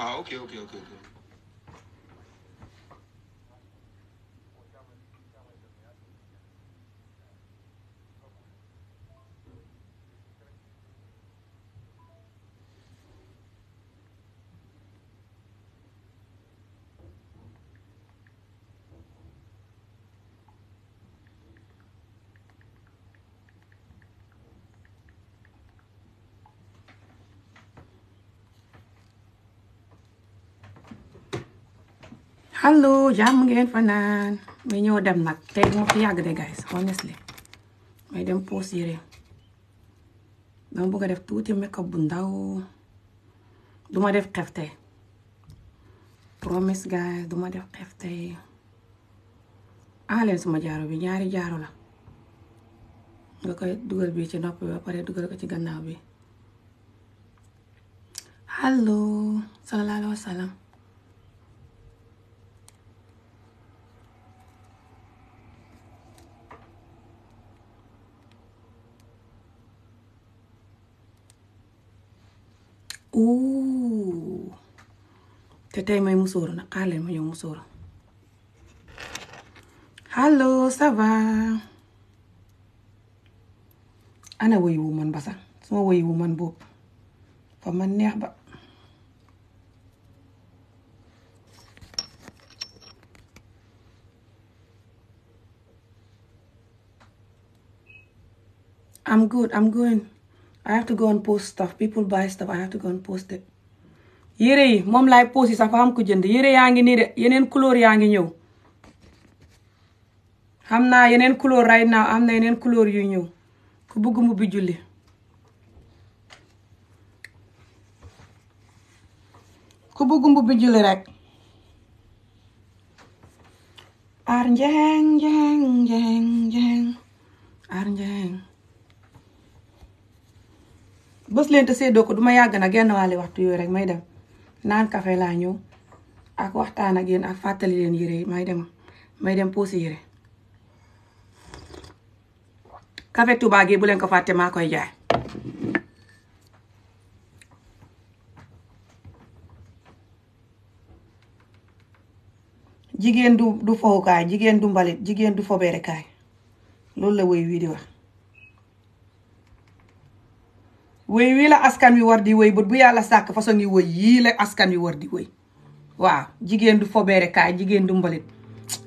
Ah, ok, ok, ok. ok. allo jàmm ngeen fanaan may ñëw dem nag tey du ma fi yàgg de guys honestly may dem poos yére dama bëgg a def tuuti make up bu ndaw duma def xef tey promise guys duma def xef tey aleen suma jaaro bi ñaari jaaro la nga koy dugal bi ci nopp bi ba pare dugal ko ci gannaaw bi allo sallallahu alayhi wa ouh te tey may musóoru nag xaar leen ma ñëw musóoru allo ça va ana woyu wu man basan suma woyu wu man boobu fa man neex ba I'm good I'm good I have to go and post stuff people buy stuff I have to go and post it yére yi moom laay post yi sax fa ko jënd yére yaa ngi nii de yeneen couleur yaa ngi ñëw xam naa yeneen couleur right now am na yeneen couleur yu ñëw ku bëgg mu bi ku bëgg mbubbi julli rek ar njeng njeng njeng njeng bës leen te séddoo ko du yàgg na genn wàlli waxtu yooyu rek may dem naan kafe laa ñëw ak waxtaan ak yéen ak fàttali leen yére yi may dem may dem posi yére kafe Touba gi bu leen ko fàtte maa koy jaay jigéen du du fowukaay jigéen du mbalit jigéen du fobeerekaay loolu la woy wii di wax wéy wii la askan wi war di wéy bët bu yàlla sàkk façon yi wéy yii la askan wi war di wéy waaw jigéen du fobeere kaay jigéen du mbalit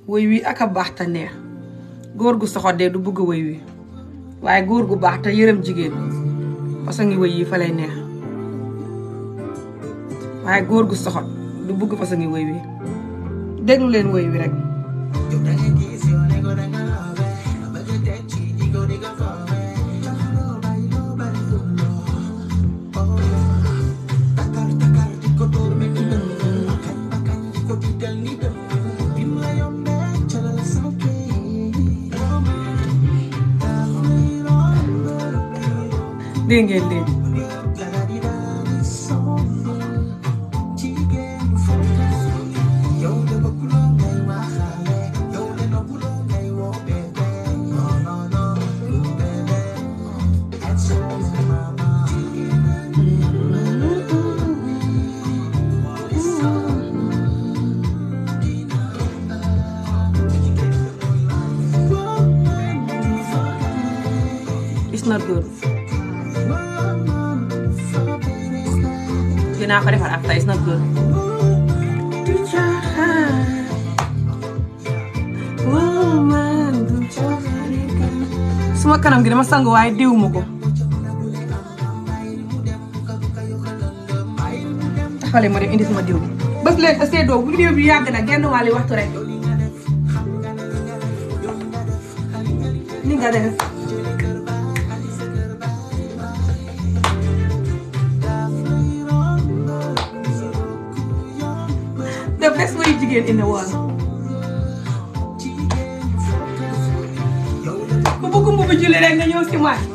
wéy wii ak a baax ta neex góor gu soxodee du bëgg wéy wi waaye góor gu baax te yërëm jigéen façon yi wéy yii fa lay neex waaye góor gu soxot du bugg façon yi wéy wi déglu leen wéy wi rek dégg ngeen dégg not good. a ko defar after it's not suma kanam gi dama sangu waaye diwuma ko taxale ma dem indi suma diw bés leen te seedoo bu diw bi yàgg na genn wàlli waxtu rek ni nga def jigéen in the world ku bëgg mbubu julli rek nga ñëw si man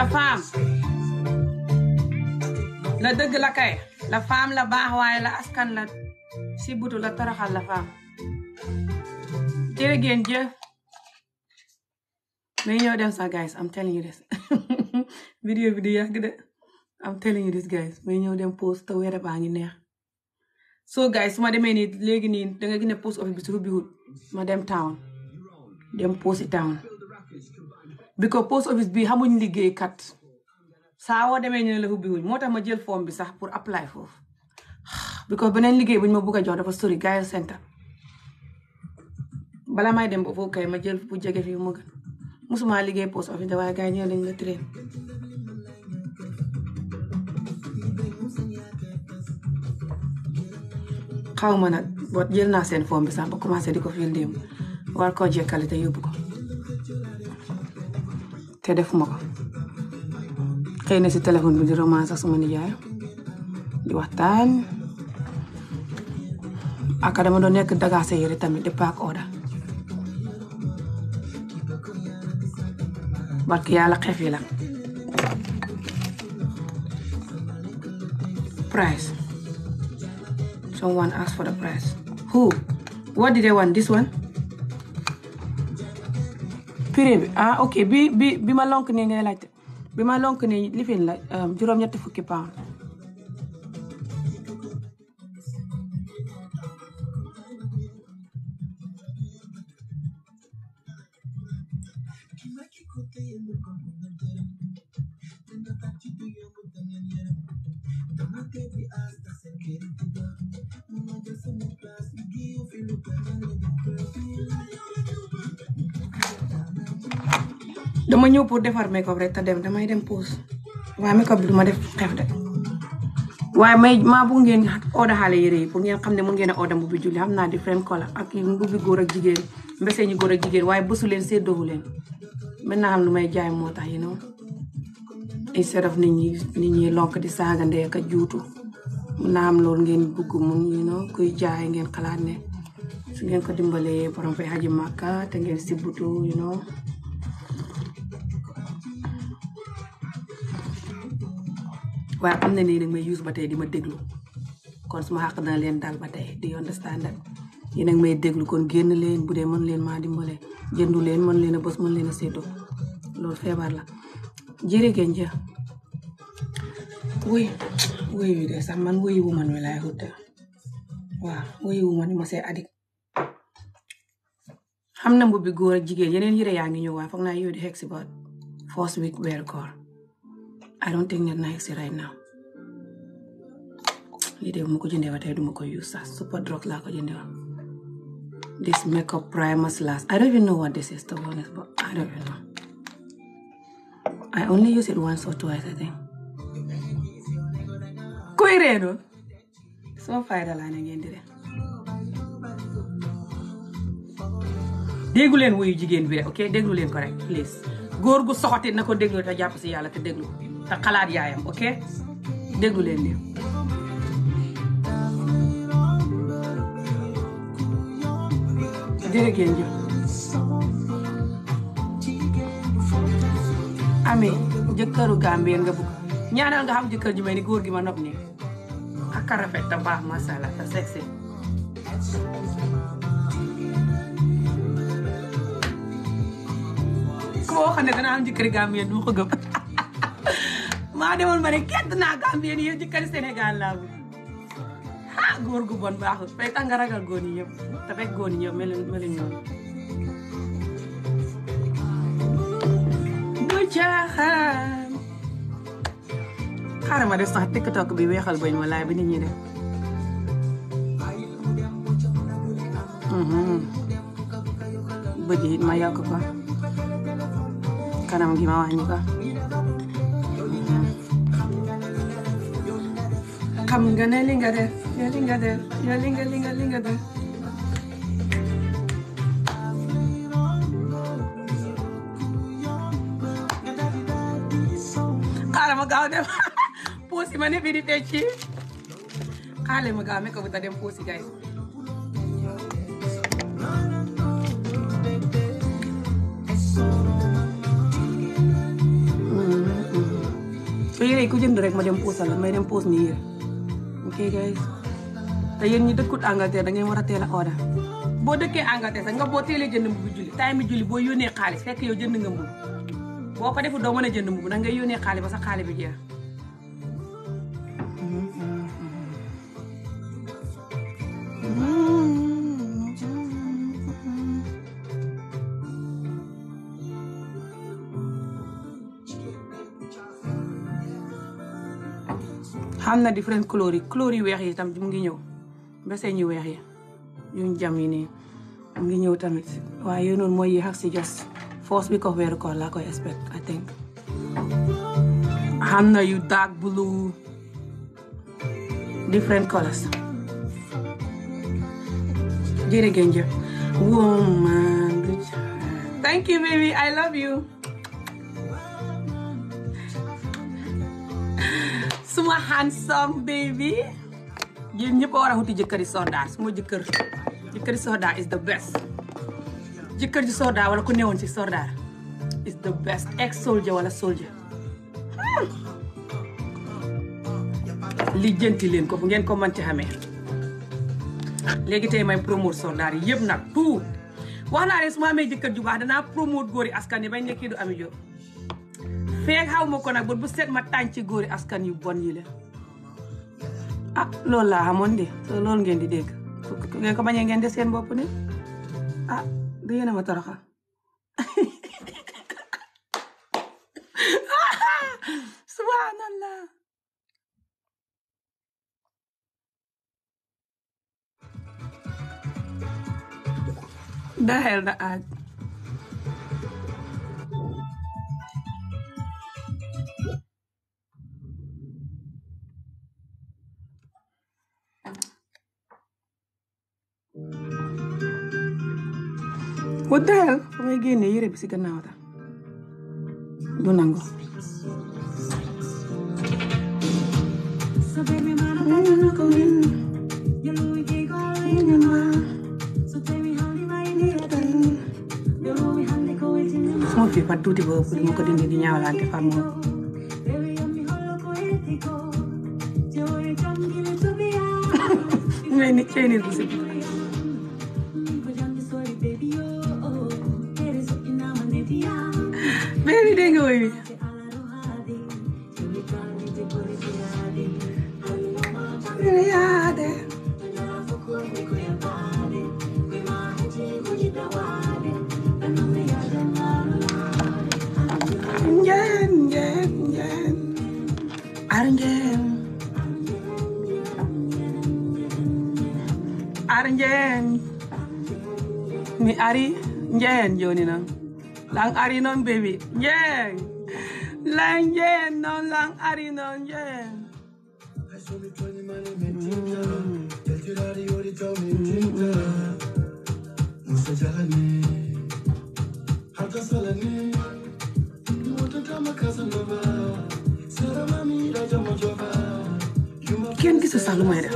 la femme la dëgg la kay la femme la baax waaye la askan la si butu la taraxal la femme jërë ngeen jëf mais ñoo dem sax guys am telling you this vidéo bi di yàgg de am telling you this guys mais ñoo dem pause te weer baa ngi neex so su ma demee nii léegi nii da nga gis ne post office bi su ma dem town dem post town bi ko post office bi xamuñ liggéeykat saa woo demee ñu ne la ubbi wuñ moo tax ma jël forme bi sax pour apply foofu bi ko beneen liggéey buñ ma bugg a jox dafa sori Gayel Center bala may dem ba foofu kay ma jël bu jege fii mu liggéey post office da waaye gars yi ñëw nañ la train xaw nag jël naa seen forme bi sax ba commencé di ko fil démb war koo jekkale te yóbbu ko te defuma ko na si téléphone bi di romance ak suma nijaay di waxtaan ak dama doon nekk dagaase yére tamit di paak oda barki yàlla xef yi la price someone for the price who what did they this one purée bi ah ok bi bi bi ma lonk nii ngay laajte bi ma lonk nii lifin la euh, juróom-ñetti fukki pound dama ñëw pour defar make-up rek te dem damay dem pause waaye make-up ma def xef de may maa bëgg ngeen oda xaale yére yi pour ngeen xam ne mun ngeen a oda mbubbi julli xam naa different color ak mbubbi góor ak jigéen mbese ñi góor ak jigéen waaye bësu leen séddoowu leen mën xam lu may jaay moo tax yi noonu instead of nit ñi nit ñi lonk di saaga ndey ak juutu mun naa am loolu ngeen bëgg mun yi noonu kuy jaay ngeen xalaat ne su ngeen ko dimbalee borom fay xaji màkka te ngeen sibbutu yi noonu waaye am na nii nag may use ba tey di ma déglu kon suma xàq dana leen daal ba tey di understand yéen nag may déglu kon génn leen bu dee mën leen maa dimbale jëndu leen man leen a bës mën leen a séddoo loolu feebar la jërëgéen jë wuy wuy wi de sax man wuy wu man wi laay xutte waaw wuy wu man ma see xam na mbubbi góor ak jigéen yeneen yëre yaa ngi ñëw waaye foog naa yow di xeg si ba first week weer I don't think that nice right now lii de bu ma ko jëndee ba tey du ko use sax super drug laa ko jëndee woon this makeup use it once or twice I think kuy reenu soo fayda laa ne ngeen di leen wuyu jigéen bi de ok déglu leen ko rek please góor gu soxotit na ko déglu te jàpp si yàlla te déglu te xalaat yaayam ok déglu leen li jërë ngeen jëf jëkkëru gambien nga bugg ñaanal nga xam jëkkër ji may ni góor gi ma nopp nii ak rafet te baax masala te ku ma waxoon ne gambien du ma ko maa demoon ma ne kett naa Gambien yéen ci kër Sénégal laa wut ah gu bon baaxul fay tax nga ragal góor ñi yëpp te fekk góor ñi yëpp caaxaan. xaaral ma def sax tiktok bi weexal bañ ma laay bi nit ñi def. Mhm. bëgg it kanam gi ma wàññi ko. xam nga ne li nga def ya li nga def ya li nga li nga li nga def xaaral ma gaaw dem puusi ma ne fi di fecci xaaral ma gaaw me ko buta dem puusi guys so yére yi ku jënd rek ma dem puusal may dem puus ni okay guys te yéen ñi dëkku Angleterre da ngeen war a teel a order boo dëkkee Angleterre sax nga boo teelee jënd mbubu julli time julli boo yónnee xaalis fekk yow jënd nga mbubu boo ko defu doo mën a jënd mbubu ndax ngay yónnee xaalis ba sa xaalis bi jeex am na different couleur yi couleur yu weex yi tamit mu ngi ñëw ba seen yu weex yi yuñ jam yi mu ngi ñëw tamit waaye yooyu noonu mooy yi ak si jos first week of weeru koor laa koy expect I think am na yu dark blue different colors jërëjëf woman thank you baby I love you suma handsome baby yéen bi a war a wuti jëkkëri soda suma jëkkër jëkkëri soda is the best jëkkër ji soda wala ku woon ci soda is the best ex soldier wala soldier li jënti leen ko fu ngeen ko mën ci xamee léegi tey may promote soldaar yëpp nag tout wax naa leen su ma amee jëkkër ju baax danaa promote góor yi askan yi bañ nekkee du ami jo feeg xaw ma ko nag bu set ma tànn ci góori askan yu bon yi ah loolu laa xamoon de ngeen di dégg ngeen ko bañee ngeen de seen bopp ne ah da yéen ma toroxal subhanallah daxel na aaj ku dayal fa may génnee yére bi si gannaaw du nangu sama fii fa tuuti boobu dama ko di ñaawalaante far moom ngay ni cey nit ari njehen joni noon lan ari noon bebi njehen lan njehen noon lan ari noon njehen kenn gisa sax lu may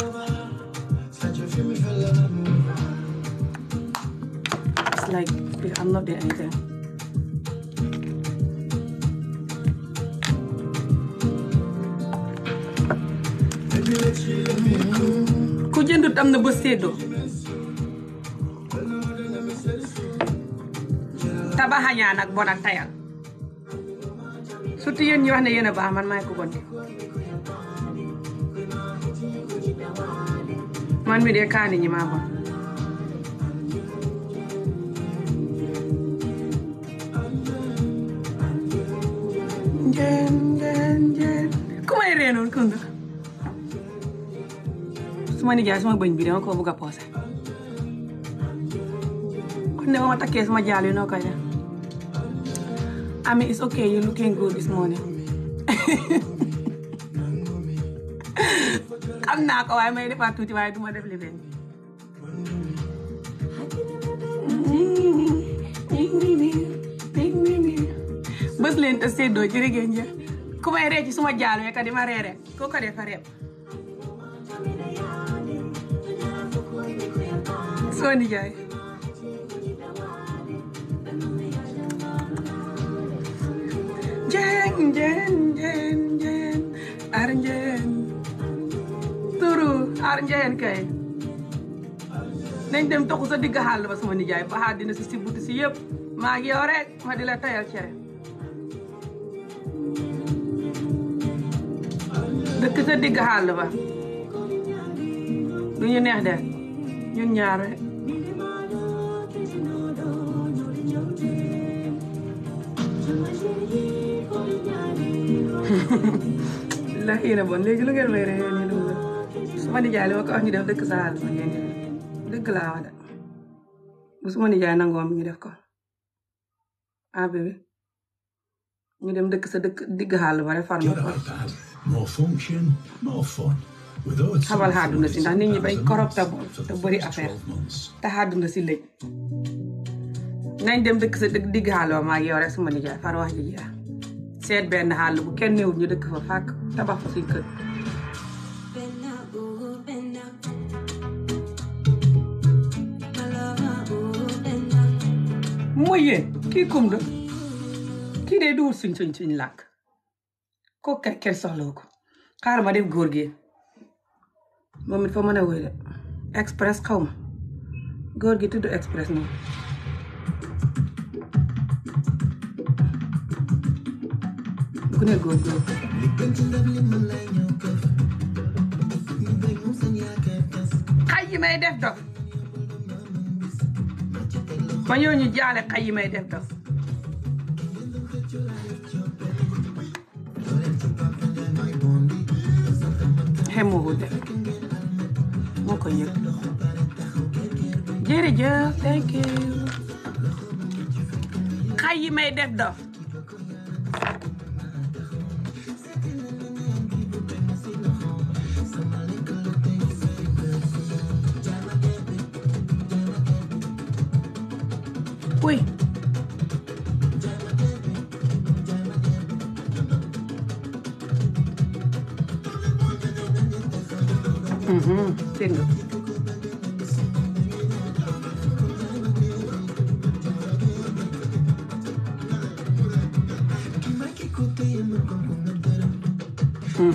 séddoo tabaxañaa nag bon ak tayal surtout yéen ñi wax ne yéen a baax man maay ko bon man mi dee kaani ñi maa suma nijaay suma bëñ bi dama ko bëgg poose kon ne ma takkee suma jaal yi noo koy def Ami it's okay you looking good this morning xam naa ko waaye may defaat tuuti waaye duma def liben bës leen te séddoo jërëgéen jë ku may ree ci suma jaal yi ka ma reere koo ko defa reeb soo nijaay njeen njeen njeen njeen turu ar njeen kay nañ dem toxu sa digg xàll ba sama nijaay ba xaar dina si si si yëpp maa ngi yow ma di la tayal cere dëkk sa digg xàll ba du ñu neex de ñun ñaar la xiir a bon léegi lu ngeen may reyee nii lu su ma nijaay li ma ko def dëkk salaat ma ngeen dëkk laa wax def ko ah bébé ñu dem dëkk sa dëkk digg xàll ba rek far ma xabal xaaduna si ndax nit ñi bay korop te bëri affaire te xaaduna si lëj nañ dem dëkk sa dëkk digg xàll ba maa yow rek su ma nijaay far wax ji seet benn xàll bu kenn newul ñu dëkk fa fàkk tabax fa suñ kër mooy yéen kii kum la kii day duwul suñ suñ suñ làkk ko kay kenn soxlawu ko xaar ma def góor gi moom it fa mën a wéy de express xaw ma góor gi tudd express moom ku ne góorgóorlu xay yi may def dof ma ñëw jaale xay yi may def dof xemoo def moo ko yëg jërëjëf thank you xay yi may def Uy. dégg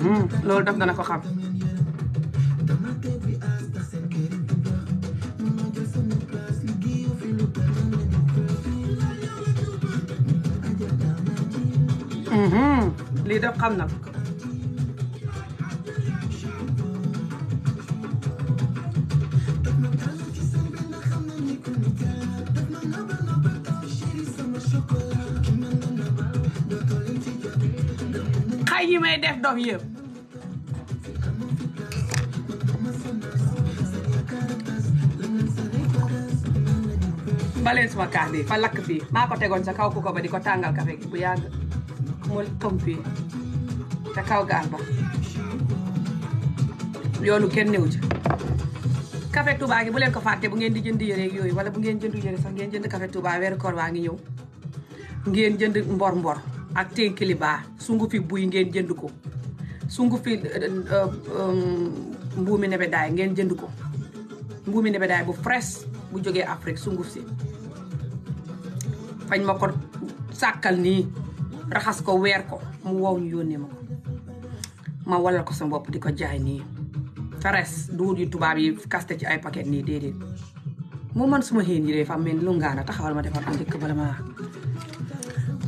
nga loolu daf dana ko xam Mm-hmm. lii def xam na ko xay yi may def dof yëpp baleen suma kaas bi fa lakk fii maa ko tegoon sa kaw ku ko ba di ko tàngal kafe gi bu yàgg moo tëmpe ca kaw gaal ba yoonu kenn néew ci café Touba gi bu leen ko fàtte bu ngeen di jënd yére ak yooyu wala bu ngeen jënd yére sax ngeen jënd café Touba weeru koor waa ngi ñëw ngeen jënd mbor mbor ak tenkiliba sungu fi buy ngeen jënd ko sungu fi euh, euh, euh, mbuumi nebedaay ngeen jënd ko mbuumi nebedaay bu fresh bu jogee Afrique sunguf si fañ ma sàkkal nii raxas ko weer ko mu wow ñu yónnee ma ma walal ko sama bopp di ko jaay nii feres duul yi tubaab yi kaste ci ay paquet nii déedéet moo man suma xéen yi dee fa mel lu ngaana taxawal ma defar ko njëkk bala ma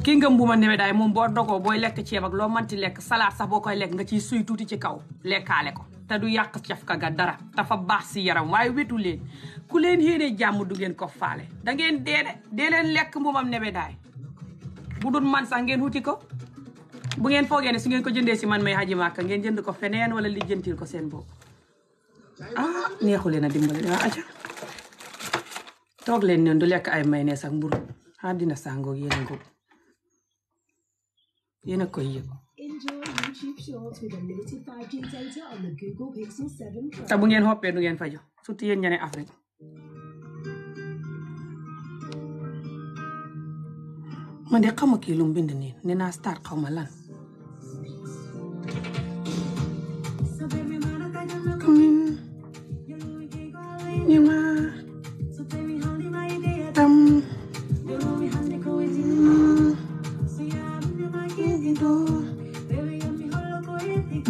ki ngëm bu ma newee daay moom boo booy lekk ceeb ak loo manti lekk salaat sax boo koy lekk nga ciy suy tuuti ci kaw lekkaale ko te du yàq cafka ga dara dafa baax si yaram waaye wetu leen ku leen yéenee jàmm du ngeen ko faale da ngeen dee de lekk mbumam nebedaay bu dul man sax ngeen wuti ko bu ngeen foogee ne su ngeen ko jëndee si man may aji màkka ngeen jënd ko feneen wala lijjantil ko seen bopp ah neexule na dimbali waaw aca ah, toog leen noonu du lekk ay may mayonnaise ak mburu ah dina sàngoog yéen a ngoog yéen a koy yëg te bu ngeen xoppee du ngeen fajo surtout yéen ñane Afrique man de xama kii lu mu bind nii nee naa star xaw ma lan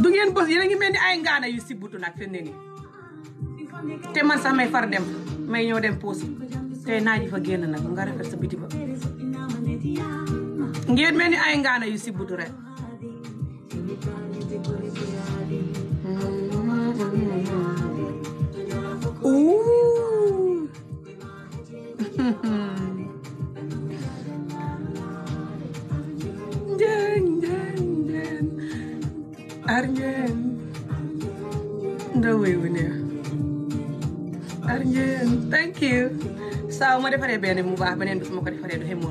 du ngeen bos yéen ngi mel ni ay ngaana yu si butu nag fi ne nii te man sax may far dem may ñëw dem poosi te naa ji fa génn nag nga rafet sa biti ba ngeen mel ni ay ngaana yu si butu rek njën njën njën ar njën ndaw thank you saa ma defaree benn mu baax beneen bi su ma ko defaree du xemoo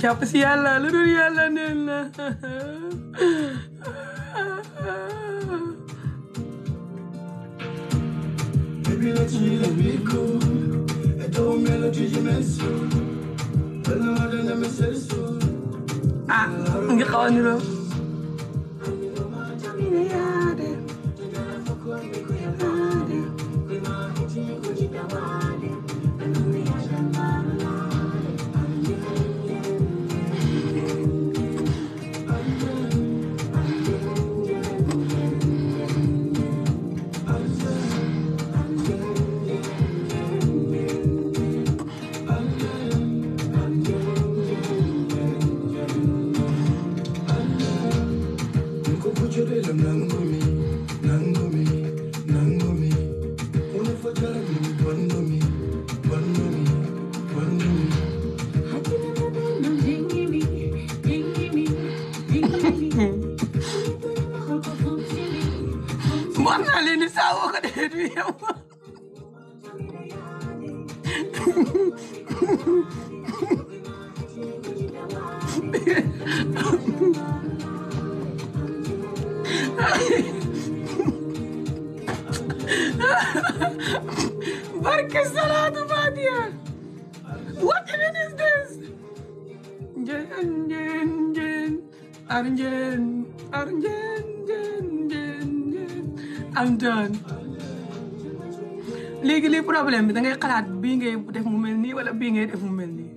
jàpp si yàlla lu dul yàlla neen na Baby, let's chill and be cool. I don't melody you mess so. But no, I don't ever say so. Ah, nga xaw a niroo. Yaade. Yaade. Yaade. problème bi da ngay xalaat bii ngay def mu mel nii wala bii ngay def mu mel nii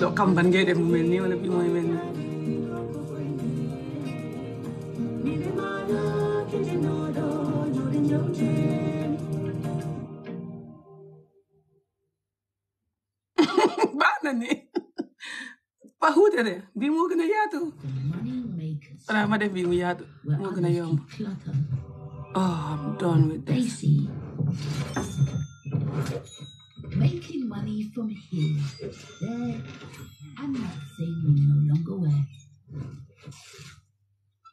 doo xam ngay def mu mel nii wala bii mooy mel na ni ba xuute de bii moo gën a yaatu xanaa ma def bii mu yaatu moo gën a yomb oh I'm done with this making money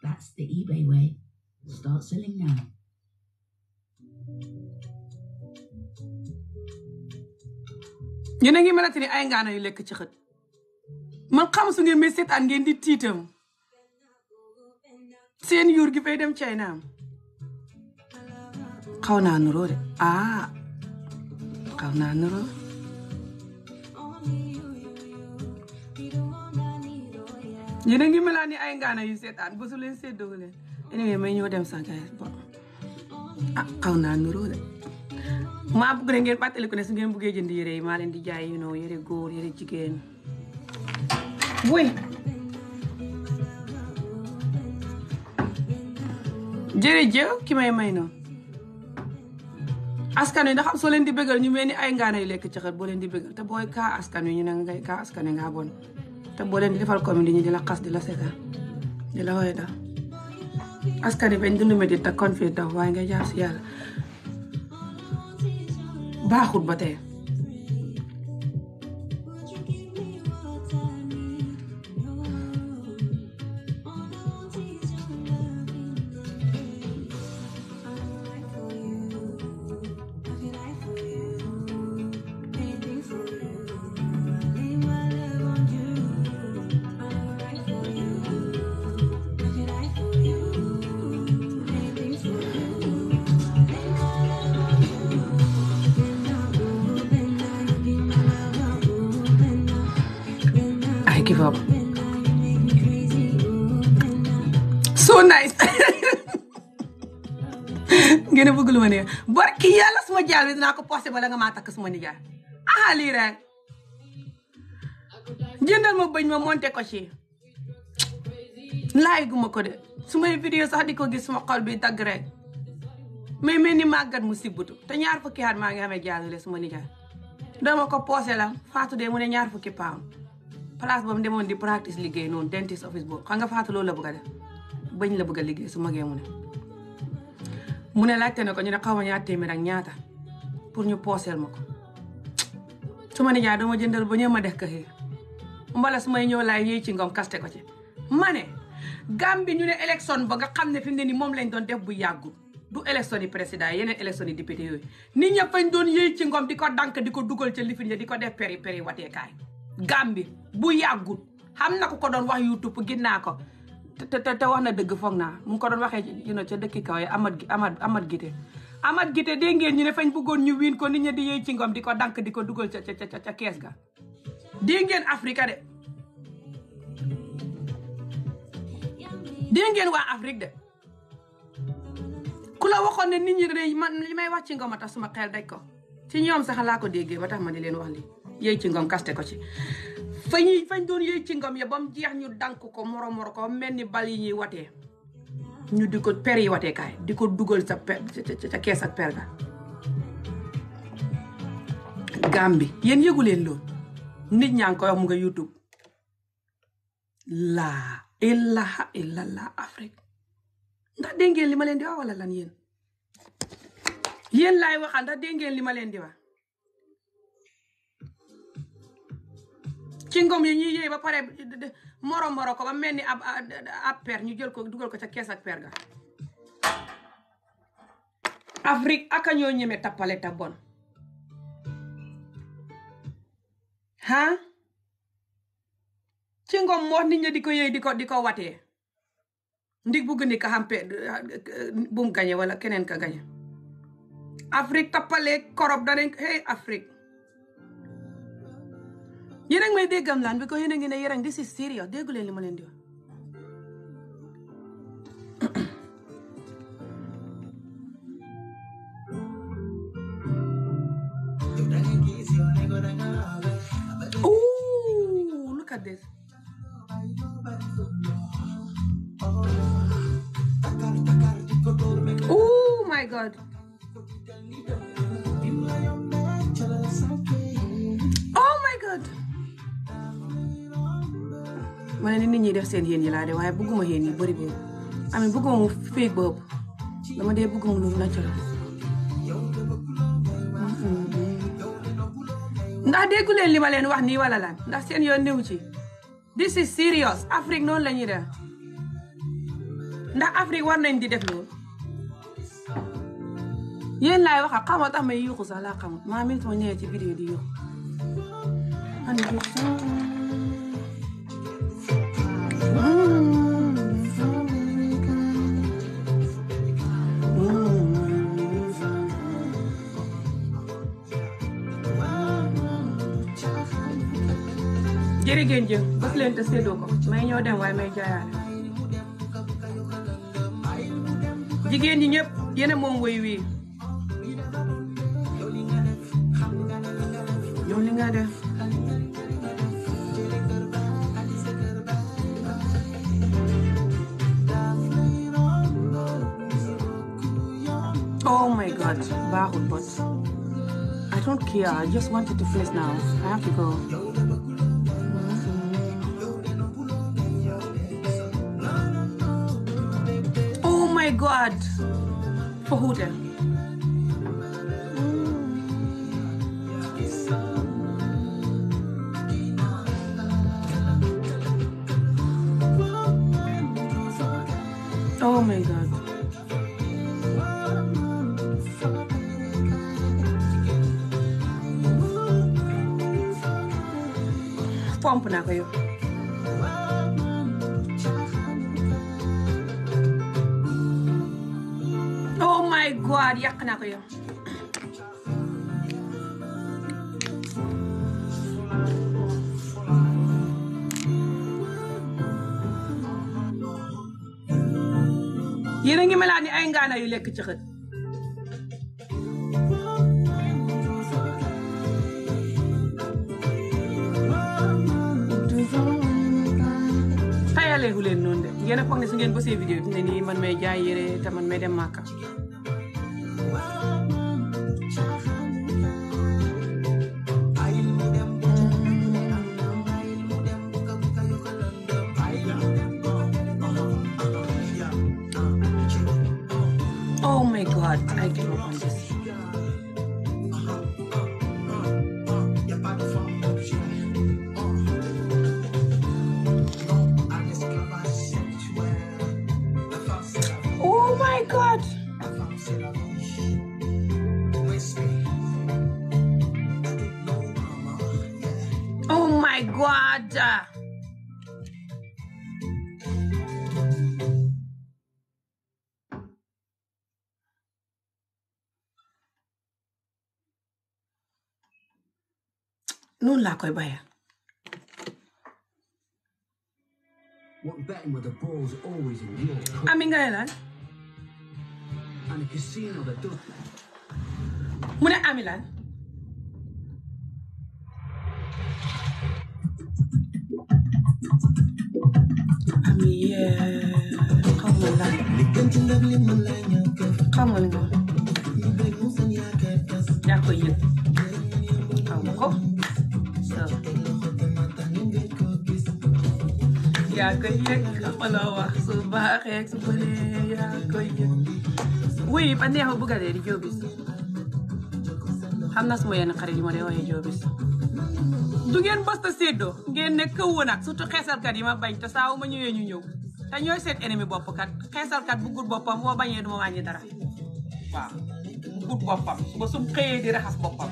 that's the eBay way start selling now yéen a ngi melati ay ngaana yu lekk ci xët man xam su ngeen may di tiitam seen yuur gi fay dem China am xaw naa nuroo de ah xaw naa nuroo yéen a ngi ni ay ngaana yu seetaan bësu leen seddoo leen anyway may ñoo dem sànqee bon ah, naa nuroo de maa bëgg na ngeen fàttaliku ne su ngeen bëggee jënd yére yi maa leen di jaay you know yére góor yére jigéen wuy jërëjëf ki may may noonu askan wi ndax soo leen di bëggal ñu mel ni ay ngaana yu lekk ci boo leen di bëggal te booy kaa askan wi ñu ne ngay kaa askan wi ngaa bon te boo leen di defal commune ñu di la xas di la seetaan di la woy daal askan wi ba dund métti di kon fii tam waaye nga jaar si yàlla baaxut ba tey bi dinaa ko posté bala nga maa takk suma nijaay ah lii rek jëndal ma bëñ ma monté ko ci laay guma ko de may vidéo sax di ko gis suma xol bi dagg rek mais mel ni màggat mu sibbutu te ñaar fukki at maa ngi amee jàngale suma nijaay dama ko poose la Fatou de mu ne ñaar fukki paam place ba mu demoon di practice liggéey noonu dentist office boobu xam nga Fatou loolu la bëgg bëñ la bëgg a liggéey su magee mu ne mu ne laajte na ko ñu ne xaw ma pour ñu pooseel ma ko su ma ni nijaay dama jëndal ba ñëw ma def ka xiir mbala su may ñëw laay yéey ci ngom kaste ko ci ma ne Gambie ñu ne élection ba nga xam ne fi mu ne ni moom lañ doon def bu yàggul du élection yi président yi yeneen élection yi député yooyu nit ñëpp fañ doon yéey ci ngom di ko dànk di ko dugal ca lifin ya di ko def péri péri wateekaay Gambie bu yàggul xam na ko ko doon wax youtube gis naa ko te te te wax na dëgg foog naa mu ngi ko doon waxee you know ca dëkki yi amat amat amat gite amat gite dégg ngeen ñu ne fañ bëggoon ñu wiin ko nit ñi di yëy ci ngom di ko dànk di ko dugal ca ca ca kees ga dégg ngeen Afrique de dégg ngeen waa Afrique de ku la waxoon ne nit ñi dañuy man li may wax ci ngom a tax suma xel daj ko ci ñoom sax laa ko déggee ba tax ma di leen wax li yëy ci ngom kaste ko ci fa ñuy fañ doon yëy ci ngom ya ba mu jeex ñu dànk ko moro moro ko mel ni bal yi ñuy watee ñu di ko per yi watee kaay di ko dugal sa per ca kees ak per ga Gàmbi yéen yëgu leen loolu nit ñaa ngi wax mu nga YouTube laa ilaha illallah Afrique ndax dégg ngeen li ma leen di wax wala lan yéen yéen lay waxal ndax dégg ngeen li ma leen di wax ci ngom yi ñuy yëy ba pare moro moro ko ba mel ni ñu jël ko dugal ko ca kees ak per ga Afrique aka ñoo tappale ta bon ah ci ngom moo nit ñi di ko yëy di ko di ko watee ndig bu gën ka xampe bum gañe wala keneen ka gañe Afrique tappale korob danañ hey Afrique yéen a ngi may déggam laan bi ko yéen a ngi ne yéen a ngi this is serious déggu leen li ma leen di wax Ooh, look at this. Oh my God. ma ne ni nit ñi def seen yéen yi laa de waaye bëgguma yéen yi bëri boobu ami bëgguma mu fake boobu dama dee bëgguma lu naturel mm-hmm. ndax déggu leen li ma leen wax nii wala lan ndax seen yoon néew ci this is serious Afrique noonu la ñuy def ndax Afrique war nañ di def loolu yéen laay waxal xamoo tax may yuuxu sa laa xamut maa mi ma ñëwee ci vidéo di yuuxu jërë ngeen jëf bës leen te may ñoo dem waaye may jaayaale jigéen ñi ñëpp yéen moom woy wii yow li nga def but baaxul but I don't care I just wanted to flex now I have to go oh my god for who omp oh ngi melaat ni ay ngaana yu lekk ci soreegu leen noonu de ngeen a foog ne su ngeen bësee vidéo bi ne man may jaay yére te man may noonu laa koy bayee ami ngay lan mu ne ami lan ami eh, xamul lan xamul nga yaa koy yëg yaa koy yëg xamaloo wax su baaxee su bonee xam na suma yenn xarit yi ma dee waxee joobis du ngeen bës ta séddoo ngeen ne këw nag surtout xeesalkat yi ma bañ te saawu ma ñëwee ñu ñëw te ñooy seen ennemi bopp kat xeesalkat bu gudd boppam boo bañee duma wàññi dara waaw bu gudd boppam ba su xëyee di raxas boppam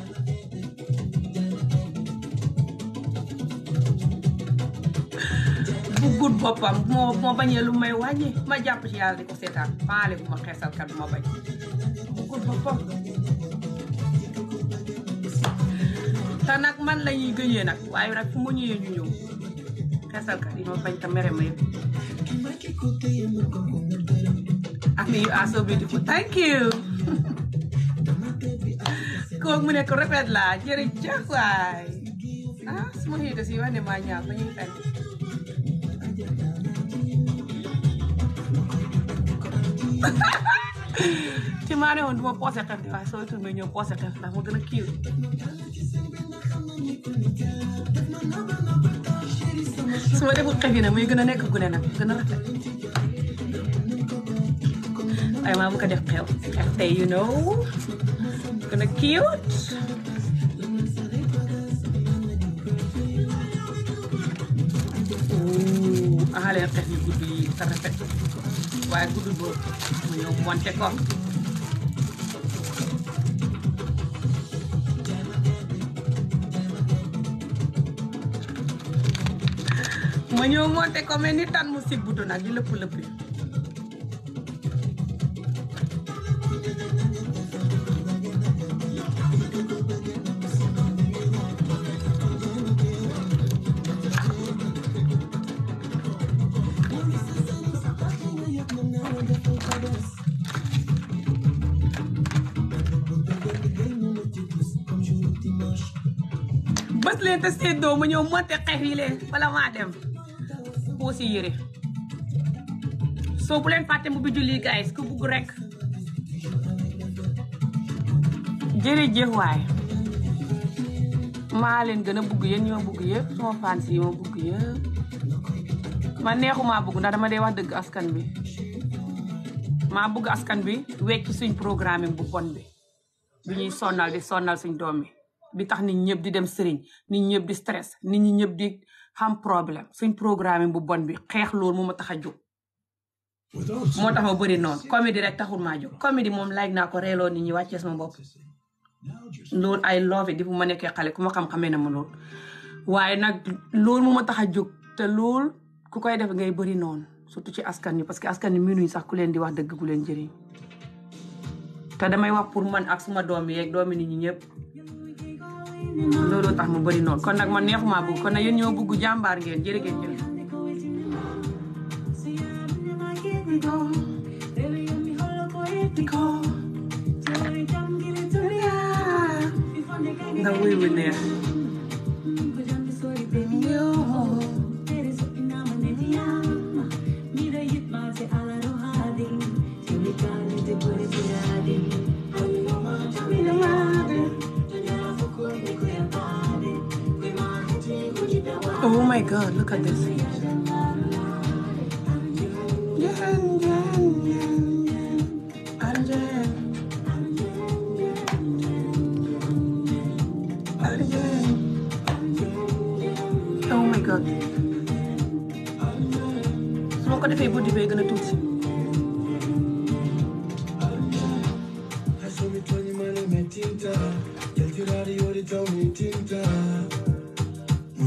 buggut boppam moo moo bañee lu may wàññi ma jàpp ci yàlla di ko seetaan faale bu ma xeesalkat bu ma bañ buggut boppam te nag man lañuy ñuy gëñee nag waaye nag fu mu ñëwee ñu ñëw xeesalkat ma bañ te mere ma yëpp am you are so beautiful thank you kooku mu nekk rafet la jërëjëf waay ah su ma xëy da si wax ne maa ma ñuy tànn ci maa ne woon du ma poose xef di waaye soo tourné ñëw poose xef ndax gën a kiiw su ma deful xef yi nag muy gën a nekk gune nag gën a rafet waaye maa bu ko def xew xef tey you know gën a cute aaleer xef yu gudd yi rafet waaye guddul boobu mu ñëw monté ko ma ñëw monté ko mel ni tan mu sibutu nag di lëpp lëpp leen te séddoo ma ñëw monte xef yi leen bala maa dem puusi yére soo bu leen fàtte mu bi julli guys ku bugg rek jërëjëf waay maa leen gën a bugg yéen ñoo bugg yëpp sama fans ma bugg yëpp ma neexumaa bugg ndax dama dee wax dëgg askan bi maa bugg askan bi wecc suñ programme bu bon bi bi ñuy sonnal di sonnal suñ doom yi bi tax ni ñëpp di dem sëriñ ni ñëpp di stress nit ñi ñëpp di xam problème suñ programme bu bon bi xeex loolu moo ma tax a jóg. moo tax ma bëri noonu comédie rek taxul maa jóg comédie moom like naa ko reeloo nit ñi wàccee sama bopp. loolu ay love di bu ma nekkee xale ku ma xam-xamee na ma loolu waaye nag loolu moo ma tax a jóg te lool ku koy def ngay bëri noonu surtout ci askan wi parce que askan wi miinuñ sax ku leen di wax dëgg ku leen jëriñ te damay wax pour man ak suma doom yeeg doomi nit ñi looloo tax mu bëri noonu kon nag man neexuma bugg kon nag yéen ñoo bugg jàmbaar ngeen jërë ngeen jëf ndax wuy wu neex Oh my god, look at this. Oh my god. su ma ko defee buddi bee gën a tuuti. Thank you.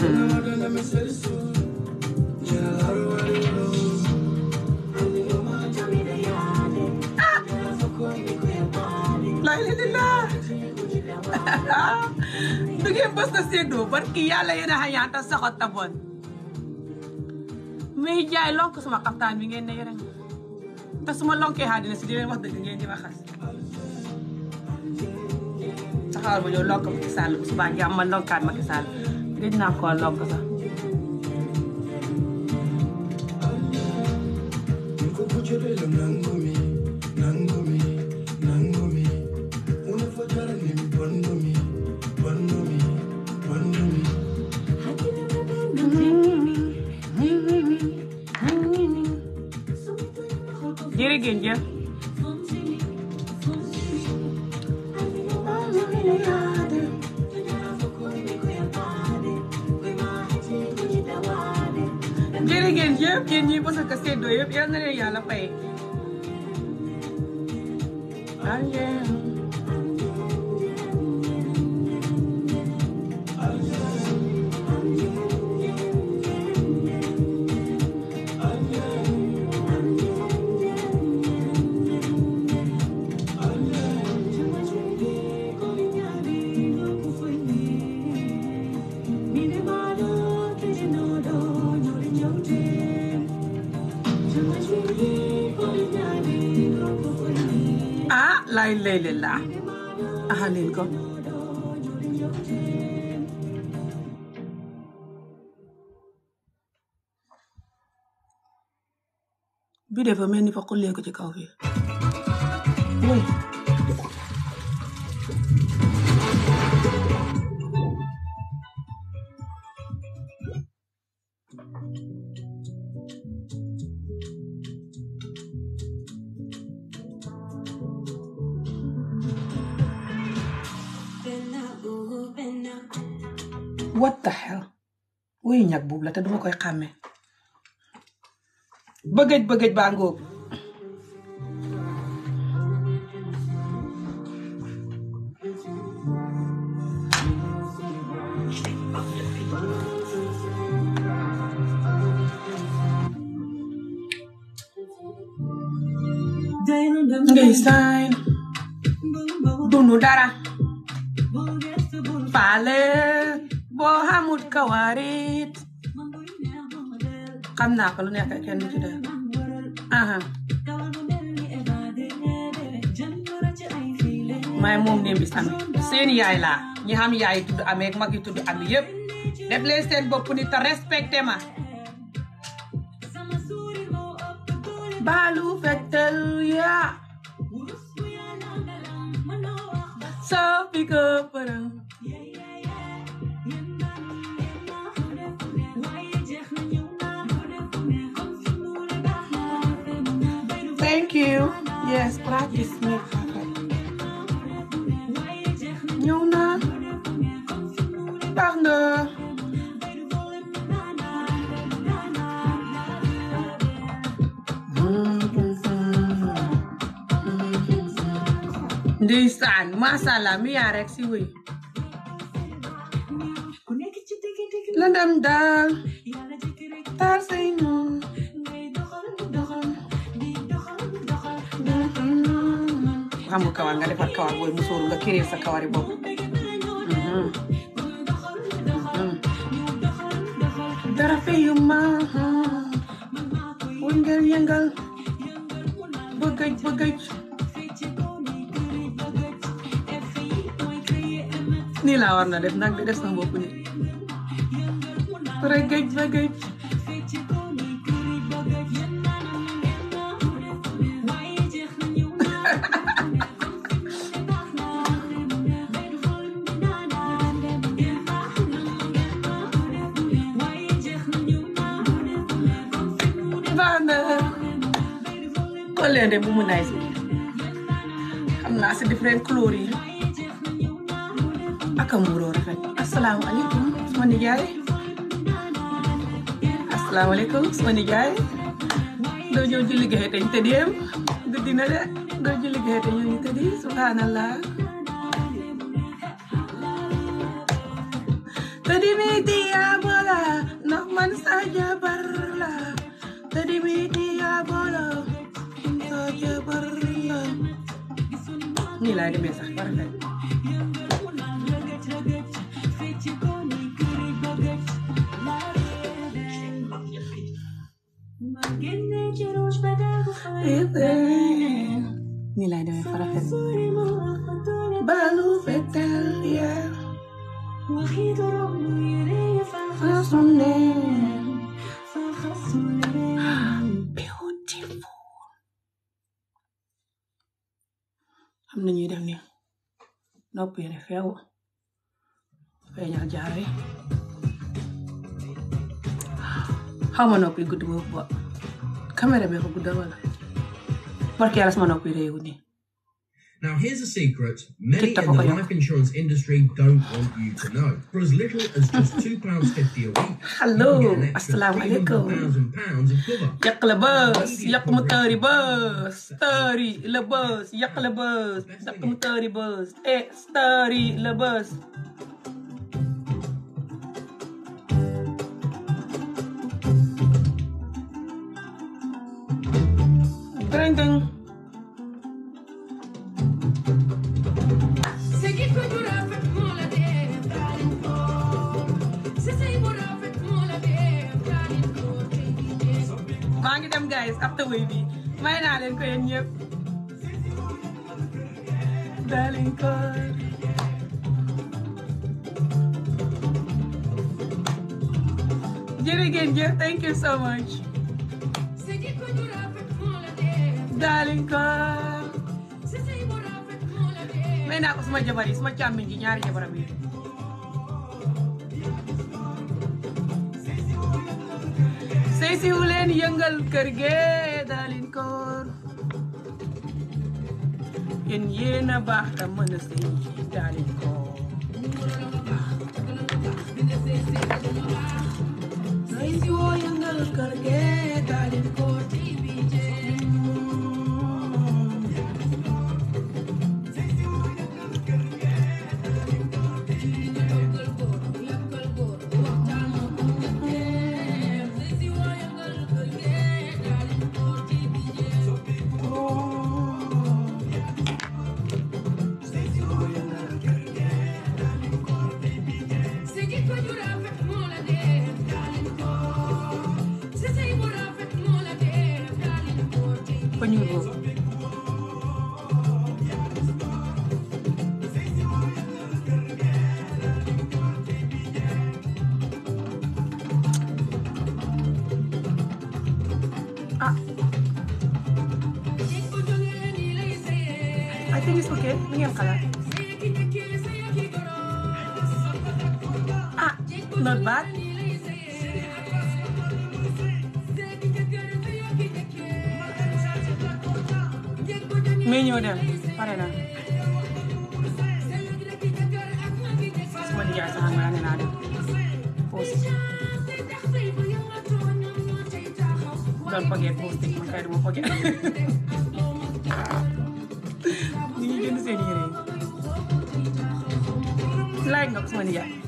du ngeen bës na séddoo barki yàlla yéen a xayaanta saxot ta bon may jaay lonk sama xaftaan bi ngeen ne yore te su ma lonkee xaar di leen wax dëgg ma xas saxaar ma ñëw lonk Macky Sall bu subaa jàmm ma lonkaat Macky Sall gëj naa koo logg sax jërëjëf yëpp yéen ñi bës ak a séddoo yëpp yal na leen yàlla fay. laa ilaaha illallaah axalin ko bi dafa mel ni fa xullee ci kaw fii what the hell buub la te duma koy xàmmee bëggëj bëggëj baa ngóob ndeysaan dunu dara kawarit xam naa ko lu nekk kenn du aha may moom néem bi sami seen yaay laa ñi xam yaay tudd amee mag yi tudd ami yëpp def leen seen bopp ni te respecté baalu fettel yaa soo fi thank you yes practice makes perfect ñëw na baax na ndeysaan masala mi yaa rek si wéy la dem daal taal say noonu amul kawar nga defar kawar booy musóoru nga créer war na def nag di def sax bopp ni regëj regëj de Womanizer xam naa si different couleur yi ak a muuroo rafet asalaamaaleykum suma nijaay asalaamaaleykum suma nijaay doo jow julli gaxe teñ te diem na de doo julli gaxe di subhanallah tadimiti ya bola nak man sa jabar la nii laa demee sax war nañ nii laa demee farafet balu fetal ya lañuy def ni nopp yi ne feew feeñal jaaro yi xawma nopp yi gudd wala barke yàlla sama nopp yi réewu nii Now, here's a secret many in the life insurance industry don't want you to know. For as little as just £2.50 a week, Hello, Assalamu alaikum. Yak la buzz, yak mu tari buzz, tari la buzz, yak la buzz, yak mu tari buzz, eh, tari la buzz. Ding ding. koy bi may naa leen ko yéen ñëpp darling call jërë ngeen jëf thank you so much darling call may naa ko suma jabar yi suma càmmiñ ji ñaari jabaram yi sey si wu leen yëngal kër gi góor yéen yéen a baax te mën a sëy dara sax ma ne naa dem poste doon pogee poste man kay duma pogee ñu ngi génn seen yére yi laaj nga ko sama nijaay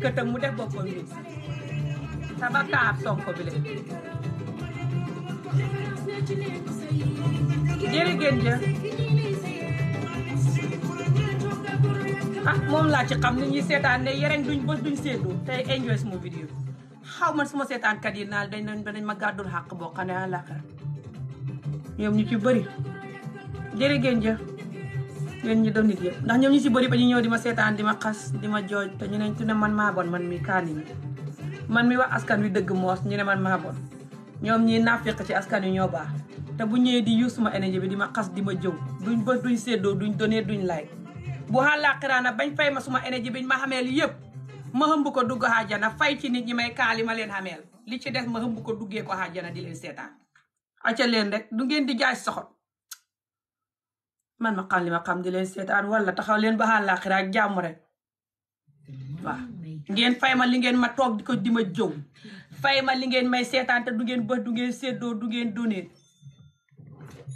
yëkkatam mu def boppam ni sabakaar Sonko ah moom laa ci xam ni ñuy seetaan ne yereñ duñ bës duñ seetlu tey enjoy sama vidéo xaw man suma seetaankat yi naa dañ nañ dañ ma gàddul xàq boo xam ne àllaaxira ñoom ñu ci bëri jërë ngeen jëf yéen ñi doon nit yëpp ndax ñoom ñu si bëri ba ñu ñëw di ma seetaan di ma xas di ma jooj te ñu ne ne man maa bon man mi kaani mi man mi wax askan wi dëgg moos ñu ne man maa bon ñoom ñi naafiq ci askan wi ñoo baax te bu ñëwee di use suma énergie bi di ma xas di ma jëw duñ bës duñ séddoo duñ donné duñ laaj bu xalaat na bañ fay ma suma énergie biñ ma xameel yëpp ma xëmb ko dugg xaajana fay ci nit ñi may li ma leen xameel li ci des ma xëmb ko duggee ko xaajana di leen seetaan acca leen rek du ngeen di jaay soxot man ma xam li ma xam di leen seetaan wala taxaw leen ba àllaaxira ak jàmm rek waaw ngeen fay ma li ngeen ma toog di ko di ma jëw fay ma li ngeen may seetaan te du ngeen bët du ngeen séddoo du ngeen donee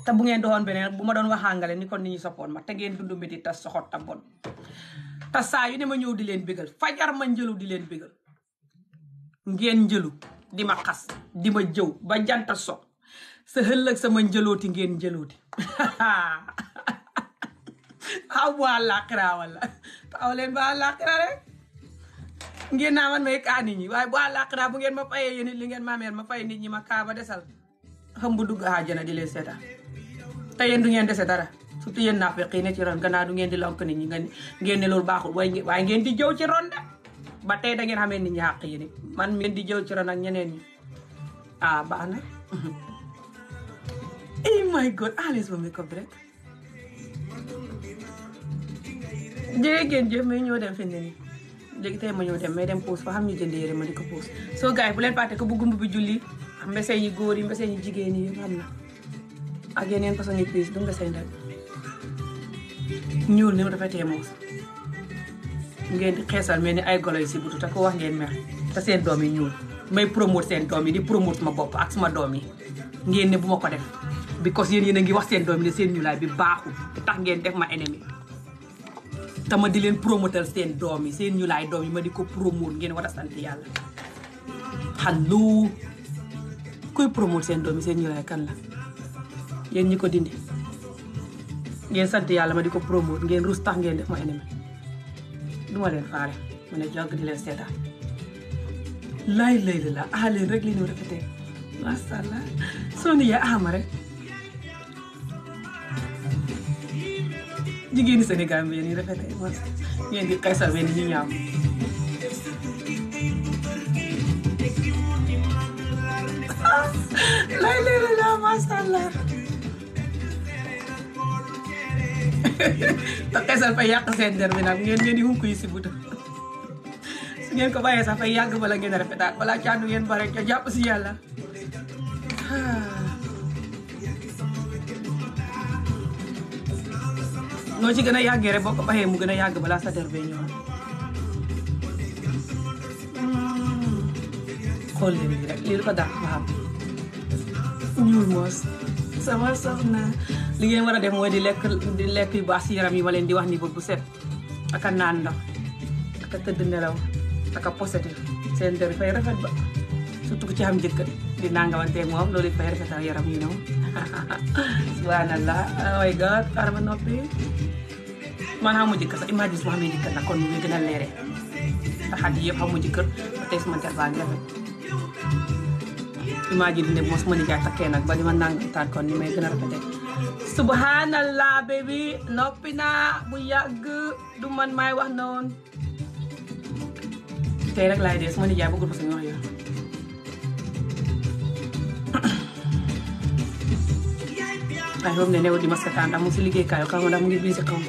te bu ngeen doxoon beneen bu ma doon waxaangale ni kon ni ñu soppoon ma te ngeen dundu di te soxo te bon te saa yu ne ma ñëw di leen bégal fajar ma njëlu di leen bégal ngeen njëlu di ma xas di ma jëw ba janta so sa ëllëg sama njëlooti ngeen njëlooti aw bu àllaaxira walla aw leen ba àllaaxira rek ngeen naa man may kaa nit ñi waaye bu àllaaxira bu ngeen ma fayee yéen li ngeen ma ameel ma fay nit ñi ma kaa ba desal xam bu dugg àjjana di leen seetaan te yen du ngeen dese dara surtout yéen naafeq yi ne ci ron gannaaw du ngeen di lonk nit ñi ngeen ne loolu baaxul waaye ngeen di jëw ci ron de ba tey da ngeen xamee nit ñi àq yi ni man ngeen di jaw ci ron ñeneen ñi ah baax eh, my god Alice ba make up jërë ngeen jëf may ñoo dem fi ne nii léegi tey ma ñoo dem may dem pause fa xam ñu jënd yére ma di ko pause soo gars yi bu leen fàtte ko bu gumb bi julli mbese yi góor yi mbese yi jigéen yi xam na ak yeneen façon yi piis du nga seen dal ñuul ni mu rafetee ngeen di xeesal ni ay golo yi ko wax ngeen mer te seen doom yi ñuul may promote seen doom yi di promote ma bopp ak suma doom yi ngeen ne bu ma ko def because yéen yéen a ngi wax seen doom yi ne seen ñuulaay bi baaxul tax ngeen def ma ennemi te ma di leen promotal seen doom yi seen ñu laay doom yi ma di ko promote ngeen war a santi yàlla xallu kuy promote seen doom yi seen ñu kan la yéen ñi ko dindi ngeen sant yàlla ma di ko promote ngeen rus tax ngeen def ma ennemi du ma leen faale ma ne jog di leen seetaan laay lay la la ah leen rek li ñu rafetee allah soo ni yee ah ma rek. jigéeni Sénégal bi yéen ñi rafet ngeen di xeesal wenn ñu ñaaw lay leera la masha Allah te xeesal fay yàq seen der bi nag ngeen ngeen di hukk yi si buta su ngeen ko bàyyee sax fay yàgg bala ngeen rafetaat balaa caadu ngeen bare ca jàpp si yàlla ah. noo ci gën a yàggee rek boo ko baxee mu gën a yàgg balaa sa der bee ñëwaat lii rek lii ko dàq ba xam ñuul moos sama soxna li ngeen war a def mooy di lekk di lekk yu baax yaram yi ma leen di wax ni bu set aka naan ndox aka tëdd nelaw aka posete seen der fay rafet ba surtout ci xam jëkkër di nangamante moom loolu it fay rafetal yaram yi noonu subhanallah oh my god xaaral ma noppi man xamu jëkkër sax imagine su ma xamee jëkkër nag kon mu yëpp xamu jëkkër ba suma jar baa ngi rafet imagine ba li ma nang taan kon ni may gën a rafete subhanallah baby noppi naa bu yàgg du man maay wax noonu tey rek dee suma nijaay bëggul parce que ñu wax I hope ne newut li ma seetaan si liggéey kaayu xaw ma ndax mu ngi biisi xaw ma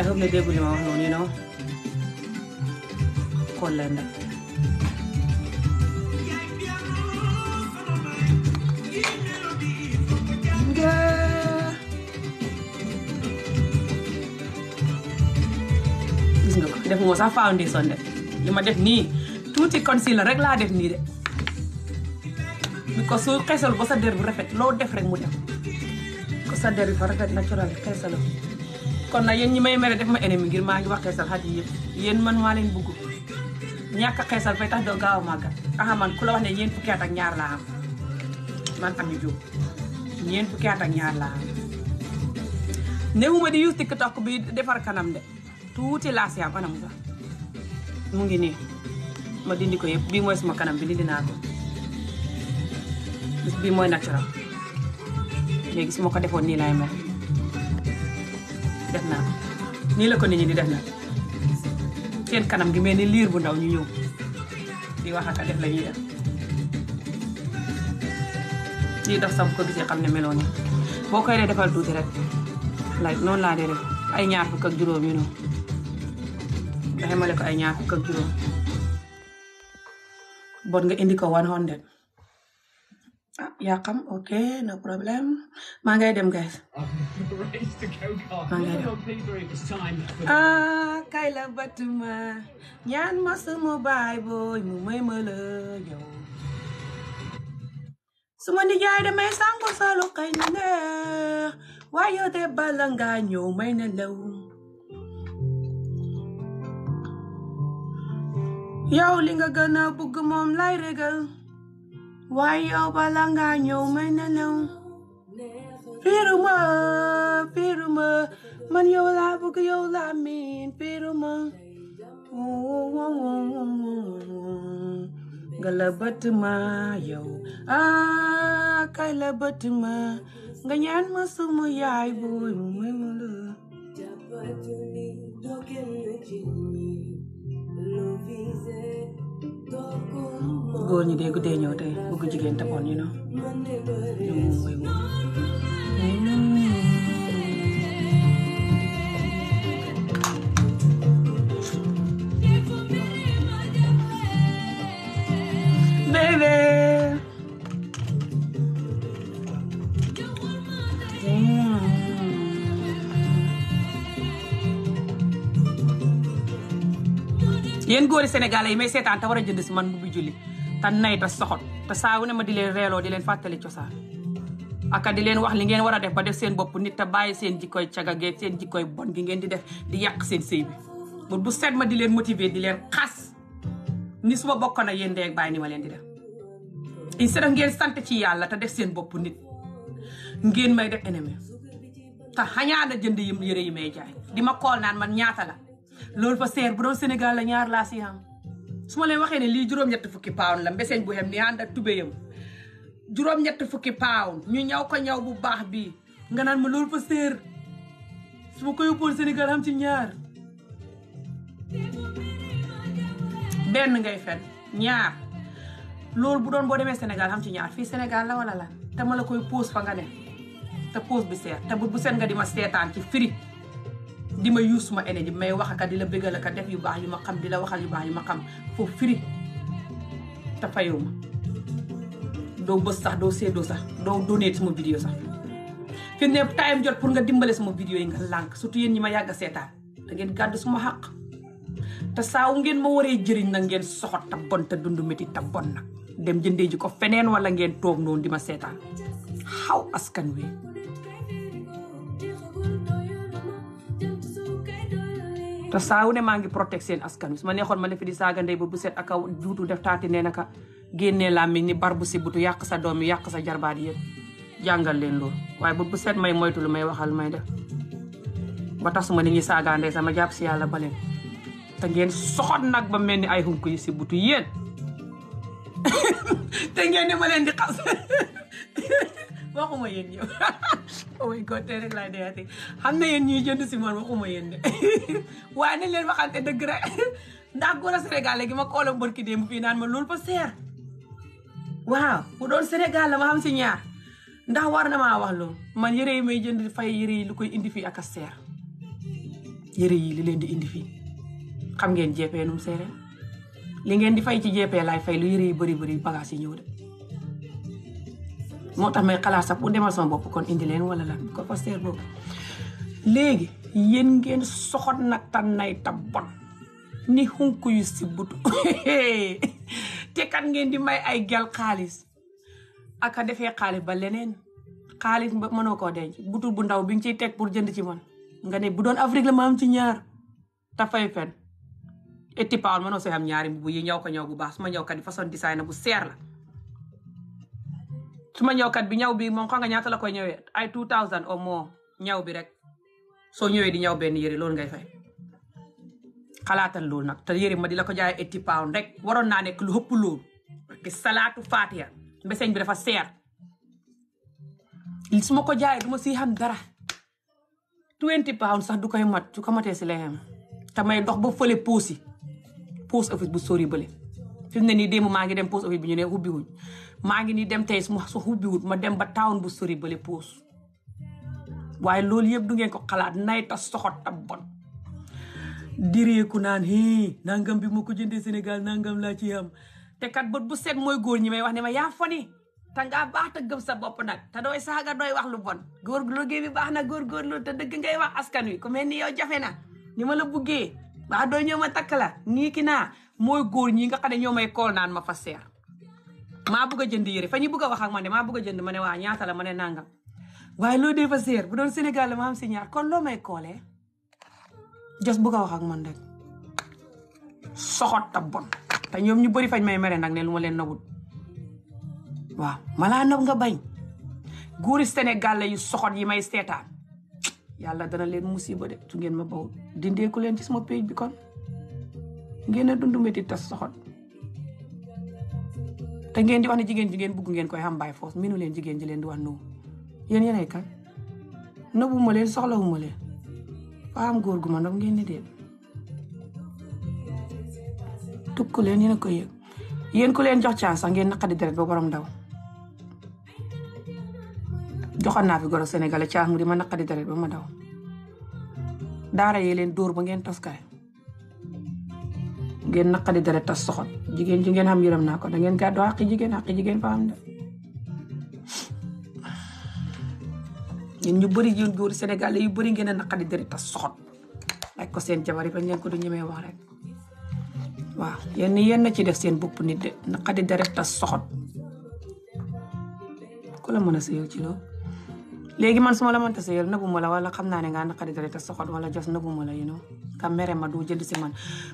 I hope ne déggu li ma wax noonu you know de li ma def nii tuuti concealer rek laa def nii de because su xesal ba sa der bu rafet loo def rek mu def sa der fa rafet naturel xeesal kon nag yéen ñi may mere def ma ennemi ngir maa ngi wax xeesal xaj yi yëpp yéen man maa leen bugg ñàkk a xeesal fay tax doo gaaw a màggat ah man ku la wax ne ñeent fukki at ñaar laa am man Ami Diop ñeent fukki at ak ñaar laa am. newuma di use defar kanam de tuuti laa si am anam sax mu ngi nii ma dindi ko yëpp bii mooy suma kanam bi dindi dinaa ko bii mooy naturel. léegi su ma ko defoon nii laay mel def naa nii la ko nit ñi di def na seen kanam gi mel ni liir bu ndaw ñu ñëw di wax a def la ñuy def lii daf sax ko gisee xam ne meloo ni boo koy dee defal tuuti rek like noonu laa dee def ay ñaar fukk ak juróom yu noonu nga ko ay ñaar fukk ak juróom bon nga indi ko 100 yaa xam ok no problème maa ngay dem guys maa ngay dem ah kay la batuma ñaan ma sama baay booy mu may ma la yow suma nijaay damay sangu salu kay na waaye de bala nga ñëw may na law yow li nga gën a bëgg moom lay regal waaye yow bala ngaa ñëw may nelaw firuma firuma man yow laa bëgg yow laa miin firuma nga la bët ma yow ah kay la bët ma nga ñaan ma suma yaay booy mu may ma la Lovise, tocco un góor ñi dee guddee ñëw tey bëgg jigéen te yi may seetaan te war a jënd si man bu julli te nay te soxot te saa wu ne ma di leen reeloo di leen fàttali cosaan aka di leen wax li ngeen war a def ba def seen bopp nit te bàyyi seen jikkoy caga geeg seen jikkoy bon gi ngeen di def di yàq seen sëy bu bu ma di leen motiver di leen xas ni suma ma bokkoon ak yéen deeg bàyyi ni ma leen di def il se ngeen sant ci yàlla te def seen bopp nit ngeen may def ennemi te xañaana jënd yi yëre yi may jaay di ma kool naan man ñaata la loolu fa seer bu doon ñaar laa si am su ma leen waxee ne lii juróom-ñett fukki pound la mbeseñ bu xem ni ànd ak tubéyam juróom-ñett fukki pound ñu ñaw ko ñaw bu baax bi nga naan ma loolu fa séer su ma ko yóbboon Sénégal am ci ñaar benn ngay fen ñaar loolu bu doon boo demee Sénégal am ci ñaar fii Sénégal la wala la te la koy pause fa nga ne te pause bi seer te bu bu seet nga di ma seetaan ci firi di ma use suma énergie may wax aka di la bëggal aka def yu baax yu ma xam di la waxal yu baax yu ma xam foofu firi te fayoo ma doo bës sax doo seedoo sax doo donate sama vidéo sax fi ne time jot pour nga dimbale sama vidéo yi nga lànk surtout yéen ñi ma yàgg a seetaan da ngeen gàddu suma xaq te saawu ngeen ma waree jëriñ na ngeen soxot te bon te dundu métti te bon nag dem jëndee ji ko feneen wala ngeen toog noonu di ma seetaan xaw askan wi te saawu ne maa ngi protège seen askan bi su ma neexoon ma ne fi di saaga ndey ba bu set ak a juutu def taati nee naka génnee làmmiñ ni bar bu sibutu yàq sa doom yi yàq sa jarbaat yëpp jàngal leen loolu waaye ba bu set may moytu lu may waxal may de ba tax su ma ni ñuy saaga ndey sama jàpp si yàlla baleen te ngeen soxot nag ba mel ni ay xunk yi butu yéen te ngeen ni leen di xas waxuma yéen ñëw oh my god tey xam na yéen ñuy jënd si man waxuma yéen de waaye nañ leen waxante dëgg rek ndax góor a Sénégal gi ma koolam barki démb fii naan ma loolu fa seer waaw bu doon senegal la ma xam si ñaar ndax war na maa wax loolu man yëre yi may jënd fay yëre yi lu koy indi fii ak a seer yëre yi li leen di indi fii xam ngeen jeepee num seere li ngeen di fay ci jeepee laay fay lu yëre yi bëri bëri bagage yi ñëw de moo tax may xalaat sax pour demal sama bopp kon indi leen wala la ko pasteur boobu léegi yéen ngeen soxot na tànnay ta bon ni xunk yu si butu te kat ngeen di may ay gal xaalis aka defee xaalis ba leneen xaalis ba mënoo koo denc butul bu ndaw bi nga ciy teg pour jënd ci man nga ne bu doon Afrique la maam ci ñaar dafay fen et puis Paol mënoo soo am ñaari mbubu yi ñaw ko ñaw bu baax su ma ñaw kat façon design na bu seer la. su suma ñëwkat bi ñaw bi moom xam nga ñaata la koy ñëwee ay 2000 au moins ñaw bi rek soo ñëwee di ñaw benn yëre loolu ngay fay xalaatal loolu nag te yëre ma di la ko jaay eighty pound rek waroon naa nekk lu ëpp loolu parce salaatu faatiya mbeseñ bi dafa seer su ma ko jaayee du ma si xam dara twenty pound sax du koy mat su ko matee si layam te may dox ba fële poosi post office bu sori bële fi mu ne nii démb maa ngi dem post office bi ñu ne ubbi wuñ maa ngi ni dem tey su ma xubbiwut ma dem ba town bu sori bale poos waaye loolu yëpp du ngeen ko xalaat nayta soxot ta bon direeku naan hii nangam bi ma ko jëndee Sénégal nangam laa ci am te kat bët bu set mooy góor ñi may wax ne ma yaa foni te ngaa baax te gëm sa bopp nag te dooy saaga dooy wax lu bon góor liggéey bi baax na góor góor lu te dëgg ngay wax askan wi ku mel ni yow jafe na ni ma la buggee waa dooy ñëw ma takk la nii ki naa mooy góor ñi nga xam ne ñoo may kool naan ma fa seer maa bugg a jënd yére fa ñu bugg a wax ak man de maa bugg a jënd ma waa ñaatala la ma ne nangam waaye loo dee fa séer bu doon Sénégal la ma si ñaar kon loo may koolee jos bëgg a wax ak man rek soxot ta bon te ñoom ñu bëri fañ may mere nag ne lu ma leen nabut waaw malaa nab nga bañ góori Sénégal la yu soxot yi may seetaan yàlla dana leen musiba de su ngeen ma bawul dindeeku leen ci sama page bi kon ngeen a dund métti tas soxot te ngeen di wax ne jigéen ji ngeen bugg ngeen koy xam by force minu leen jigéen ji leen di wax no yéen yéenay kan nëbbuma leen soxlawuma leen faa am góor gu ma ndox ngeen di dee tukk leen yéen a koy yëg yéen ku leen jox chance sax ngeen naqadi deret ba borom daw joxoon naa fi goro Sénégal chance mu di ma naqadi deret ba ma daw daara yee leen dóor ba ngeen toskare ngeen naqadi dara tas soxot jigéen ji ngeen xam yërëm naa ko da ngeen gàddu xaqi jigéen xaqi jigéen fa am de ñu bari yéen góor Sénégal yu bëri ngeen a naqadi dara tas soxot laaj ko seen jabar yi ba ngeen ko du ñemee wax rek waaw yenn yenn ci def seen bopp nit de naqadi dara tas soxot ku la mën a sëyal ci loolu léegi man su ma la mënta sëyal naguma la wala xam naa ne nga naqari dara te soxot wala jos naguma la you know ka mere ma doo jënd si man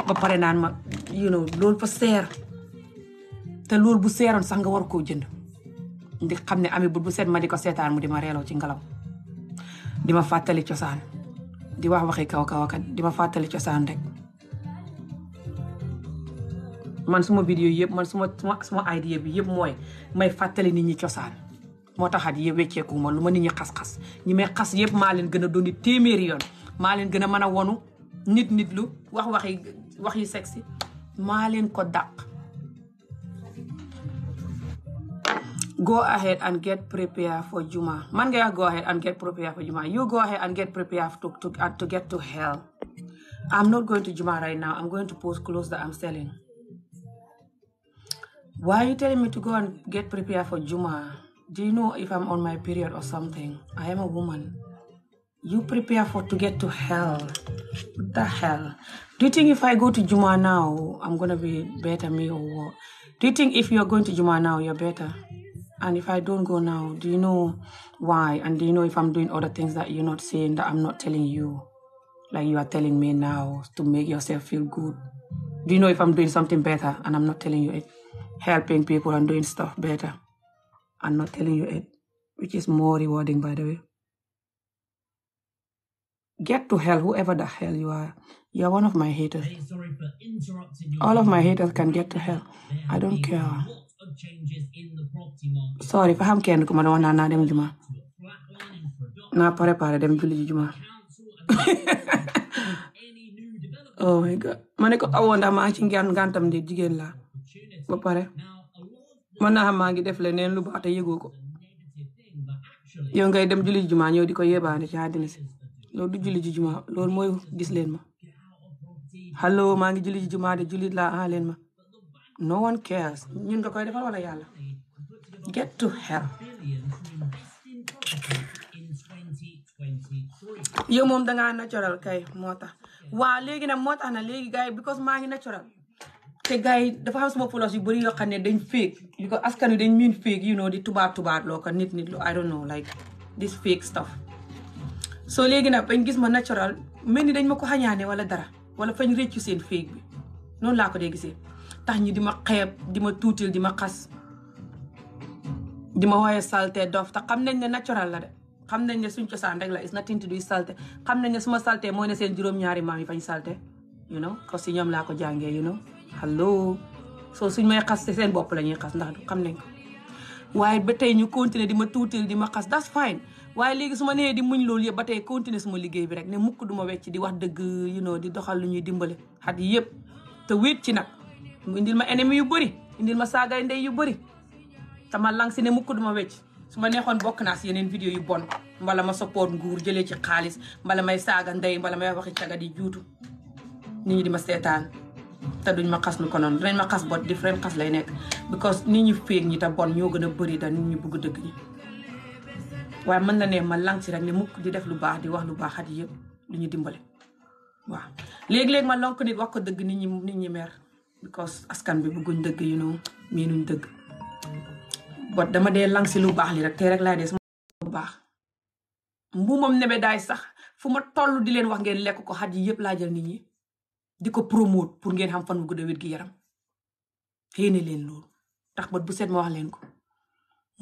ba pare naan ma you know loolu fa seer te lool bu seeroon sax nga war koo jënd di xam ne ami bu bu seet ma di ko seetaan mu di ma reeloo ci ngelaw di ma fàttali cosaan di wax waxi kaw kaw kat di ma fàttali cosaan rek man suma vidéo yëpp man suma suma idée bi yëpp mooy may fàttali nit ñi cosaan moo taxaat yëpp wecceeku ma lu ma nit ñi xas-xas ñi may xas yëpp maa leen gën a doon téeméeri yoon maa leen gën a mën a wonu nit nit lu wax waxi wax yu sexy maa leen ko dàq go ahead and get prepared for Juma. Man gaya go ahead and get prepared for Juma. You go ahead and get prepared to, to, uh, to get to hell. I'm not going to Juma right go and get prepared for Juma? do you know if I'm on my period or something? I am a woman. You prepare for to get to hell. What the hell? Do you think if I go to Juma now, I'm gonna be better me or what? Do you think if you're going to Juma now, you're better? And if I don't go now, do you know why? And do you know if I'm doing other things that you're not saying that I'm not telling you? Like you are telling me now to make yourself feel good. Do you know if I'm doing something better am not telling you it, which is more rewarding, by the way. Get to hell, whoever the hell you are. You are one of my haters. All of my haters can get to hell. I don't care. Sorry, faham kenn ku ma doon naan naa dem juma. Naa pare pare dem julli juma. oh my god. Ma ne ko awoon daa maa ci de jigéen laa. Ba pare. mën naa xam maa ngi def leneen lu baax yëgoo ko yow ngay dem julli jumaa ñëw di ko yebaane ci àddina loolu du julli ji jumaa loolu mooy gis leen ma allo maa ngi julli ji jumaa de jullit laa ah leen ma no one cares ñun nga koy defal wala yàlla get to hell yow moom dangaa natural kay moo tax waa léegi nag moo tax na léegi gars yi because maa ngi natural te gars yi dafa xam suma followers yu bëri yoo xam ne dañ fake li ko askan wi dañ miin fake you know di tubaab tubaab loo ko nit nit lu I don't know like this fake stuff so léegi nag bañ gis ma natural mel ni dañ ma ko xañaane wala dara wala fañ réccu seen fake bi noonu laa ko dee gisee tax ñi di ma xeeb di ma tuutil di ma xas di ma wooye salte dof tax xam nañ ne natural la de xam nañ ne suñ cosaan rek la is nothing to do salte xam nañ ne suma salte mooy ne seen juróom-ñaari maam yi fañ salte you know parce que ñoom laa ko jàngee you allo soo suñ may xas seen bopp la ñuy xas ndax xam nañ ko waaye ba tey ñu continuer di ma tuutal di ma xas that's fine waaye léegi su ma nee di muñ loolu yëpp ba tey continuer suma liggéey bi rek ne mukk du ma wecc di wax dëgg you know di doxal lu ñuy dimbale xat yi yëpp te ci nag mu indil ma ennemi yu bëri indil ma saagay ndey yu bëri te ma lang ne mukk du ma wecc su ma neexoon bokk naa si yeneen vidéo yu bon mbala ma support nguur jëlee ci xaalis bala may saaga ndey mbala may waxi caga di juutu nit ñi di ma seetaan te duñ ma xas nu ko noonu dinañ ma xas bot different xas lay nekk because nit ñu féeg ñi te bon ñoo gën a bari da nit ñu bëgg dëgg ñi waaye mën na ne ma lang rek ne mukk di def lu baax di wax lu baax at yëpp lu ñu dimbale waaw léegi-léegi ma lonk nit wax ko dëgg nit ñi nit ñi mer because askan bi bugguñ dëgg yu nu miinuñ dëgg bot dama dee lang lu baax li rek te rek laay dee sama lu baax mbuumam nebe daay sax fu ma toll di leen wax ngeen lekk ko xat yi yëpp laa jël ñi di ko promote pour ngeen xam fan bu gudda wér gi yaram xéene leen loolu tax bat bu set ma wax leen ko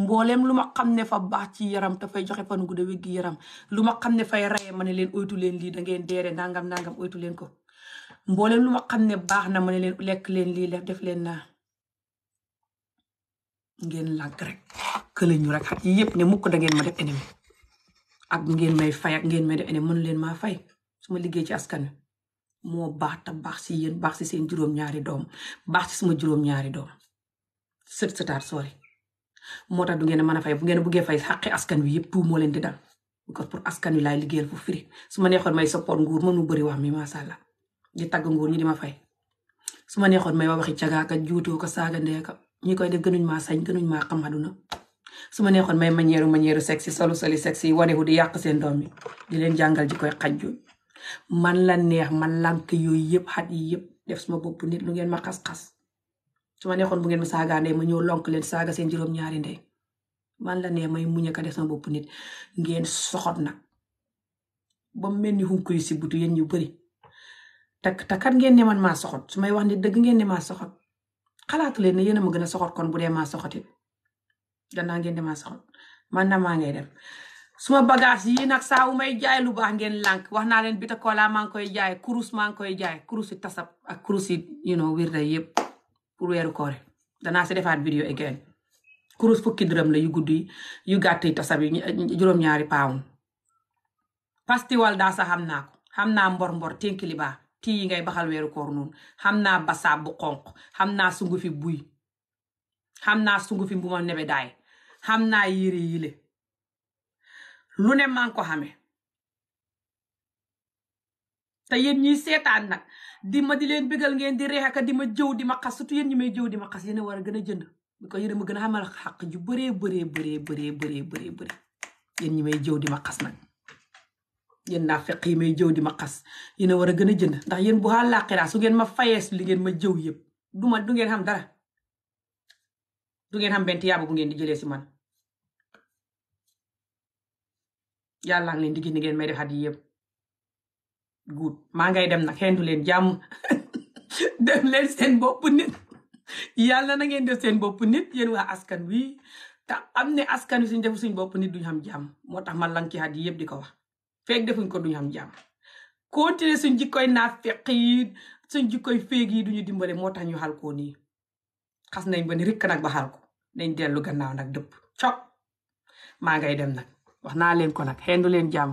mboolem lu ma xam ne fa baax ci yaram te fay joxe fan bu gudda wér yaram lu ma xam ne fay ma ne leen oytu leen lii da deere nangam nangam oytu leen ko mboolem lu ma xam ne baax na ma ne leen lekk leen lii def leen naa ngeen lànk rek kële ñu rek xat yi yëpp ne mukk da ngeen ma def ennemi ak ngeen may fay ngeen may def ennemi mënu leen maa fay suma liggéey ci askan moo baax te baax si yéen baax si seen juróom-ñaari doom baax si suma juróom-ñaari doom sët sëtaat sori moo tax du ngeen a fay bu ngeen buggee fay xaqi askan wi yëpp tout moo leen di dal because pour askan wi laay liggéeyal fu firi su ma neexoon may support nguur mënu bëri wax mi macha allah di tàgg ñi di ma fay su ma neexoon may waxi cagaaka juutoo ko saaga ndeeka ñi koy def gënuñ maa sañ gënuñ maa xam aduna su ma neexoon may manière manière sexy solu soli sexy wane wu di yàq seen doom yi di leen jàngal ji koy xajju man la neex man lànk yooyu yëpp xat yi yëpp def suma bopp nit lu ngeen ma xas-xas su ma neexoon bu ngeen mu saagaa ndey ma ñëw lonk leen saaga seen juróom-ñaari ndey man la neex may muñ a ka def sama bopp nit ngeen soxot nag ba mel ni xunk yu si butu yéen ñu bari tak takat ngeen ne man maa soxot su may wax ni dëgg ngeen ne maa soxot leen yéen a ma gën a soxot kon bu dee maa soxoti danaa ngeen ne maa soxot man na maa ngay dem suma bagage yi nag saa may jaay lu baax ngeen lànk wax naa leen bitakola maa ngi koy jaay kurus maa ngi koy jaay kurus yi tasab ak kurus yi you know wirda yëpp pour weeru koor danaa si defaat vidéo again kurus fukki dërëm la yu guddi yu gàtt yi tasab yi juróom-ñaari paawun pastiwal daa xam naa ko xam naa mbor mbor ténkili baa tii yi ngay baxal weeru koor noonu xam naa basaab bu xonq xam naa sungu fi buy xam naa sungu fi mbuma nebe xam naa yére yile lu ne maa ngi ko xamee te yéen ñii seetaan nag di ma di leen bégal ngeen di reexaka di ma jëw di ma xas surtout yéen ñi may jëw di ma xas yéen a war a gën a jënd ko yéen ma gën a xamal xàq ju bëree bëree bëree bëree bëree bëree yéen ñi may jëw di ma xas nag yéen naa feq yi may jëw di ma xas yéen a war a gën a jënd ndax yéen bu xaal laaxiraa su ngeen ma fayees li ngeen ma jëw yëpp du ma du ngeen xam dara du ngeen xam benn tiyaaba bu ngeen di jëlee si man yàlla ngi leen di ngeen may def at yi guud maa ngay dem nag xentu leen jàmm def leen seen bopp nit yàlla na ngeen def seen bopp nit yéen waa askan wi te am ne askan wi suñ defu suñ bopp nit duñ xam jàmm moo tax ma lan ci at yëpp di ko wax feeg defuñ ko duñu xam jàmm continuer suñ jikkoy naafeq yi suñ jikkoy féeg yi duñu dimbale moo tax ñu xal koo nii xas nañ ba ni rikk nag ba xal ko nañ dellu gannaaw nag dëpp cok maa ngay dem nag wax naa leen ko nag xendu leen jàmm